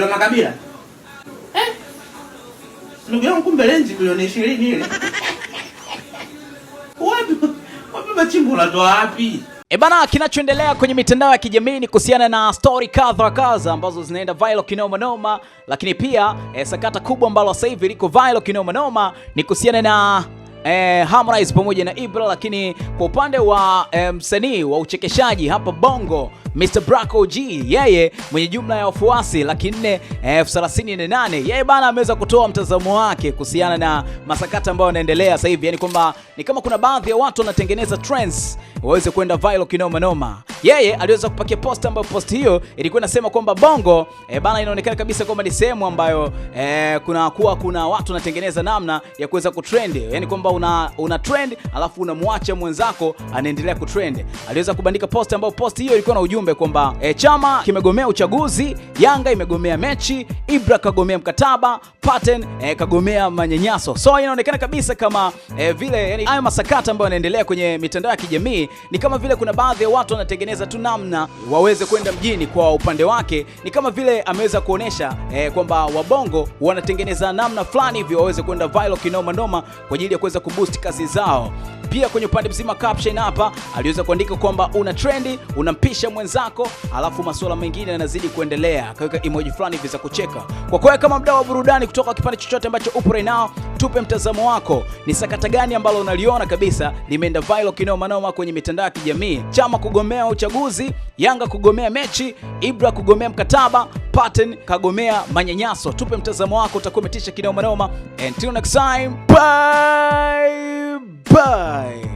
Yule makabila eh? Ndugu yangu kumbe lenzi milioni ishirini ile machimbo unatoa wapi? E bana, kinachoendelea kwenye mitandao ya kijamii ni kuhusiana na story kadha wa kadha ambazo zinaenda viral kinoma noma, lakini pia e, sakata kubwa ambalo sasa hivi liko viral kinoma noma ni kuhusiana na eh, Harmonize pamoja na Ibra, lakini kwa upande wa eh, msanii wa uchekeshaji hapa Bongo Mr. Braco G yeye mwenye jumla ya wafuasi laki nne eh, elfu thelathini na nane yeye bana ameweza kutoa mtazamo wake kuhusiana na masakata ambayo yanaendelea sasa hivi, yani kwamba ni kama kuna baadhi ya watu wanatengeneza trends waweze kwenda viral kinoma noma yeye aliweza kupakia post ambayo post hiyo ilikuwa inasema kwamba Bongo e, bana inaonekana kabisa kwamba ni sehemu ambayo e, kuna kuwa kuna watu wanatengeneza namna ya kuweza kutrend, yani kwamba una, una trend alafu unamwacha mwenzako anaendelea kutrend. Aliweza kubandika post ambayo post hiyo ilikuwa na ujumbe kwamba e, chama kimegomea uchaguzi, Yanga imegomea mechi, Ibra kagomea mkataba, Paten e, kagomea manyanyaso. So inaonekana kabisa kama e, vile yani, hayo masakata ambayo yanaendelea kwenye mitandao ya kijamii ni kama vile kuna baadhi ya watu wanatengeneza kutengeneza tu namna waweze kwenda mjini. Kwa upande wake ni kama vile ameweza kuonesha eh, kwamba wabongo wanatengeneza namna fulani hivyo waweze kwenda viral kinoma noma kwa ajili ya kuweza kuboost kazi zao. Pia kwenye upande mzima caption hapa aliweza kuandika kwamba una trendi, unampisha mwenzako, alafu masuala mengine yanazidi kuendelea. Akaweka emoji fulani hivi za kucheka. Kwa kweli kama mdau wa burudani kutoka kipande chochote ambacho upo right now, tupe mtazamo wako. Ni sakata gani ambalo unaliona kabisa limeenda viral kinoma noma kwenye mitandao ya kijamii? Chama kugomea uchaguzi, Yanga kugomea mechi, Ibra kugomea mkataba, Patton kagomea manyanyaso. Tupe mtazamo wako, utakuwa umetisha kinoma noma. Until next time, bye. Bye.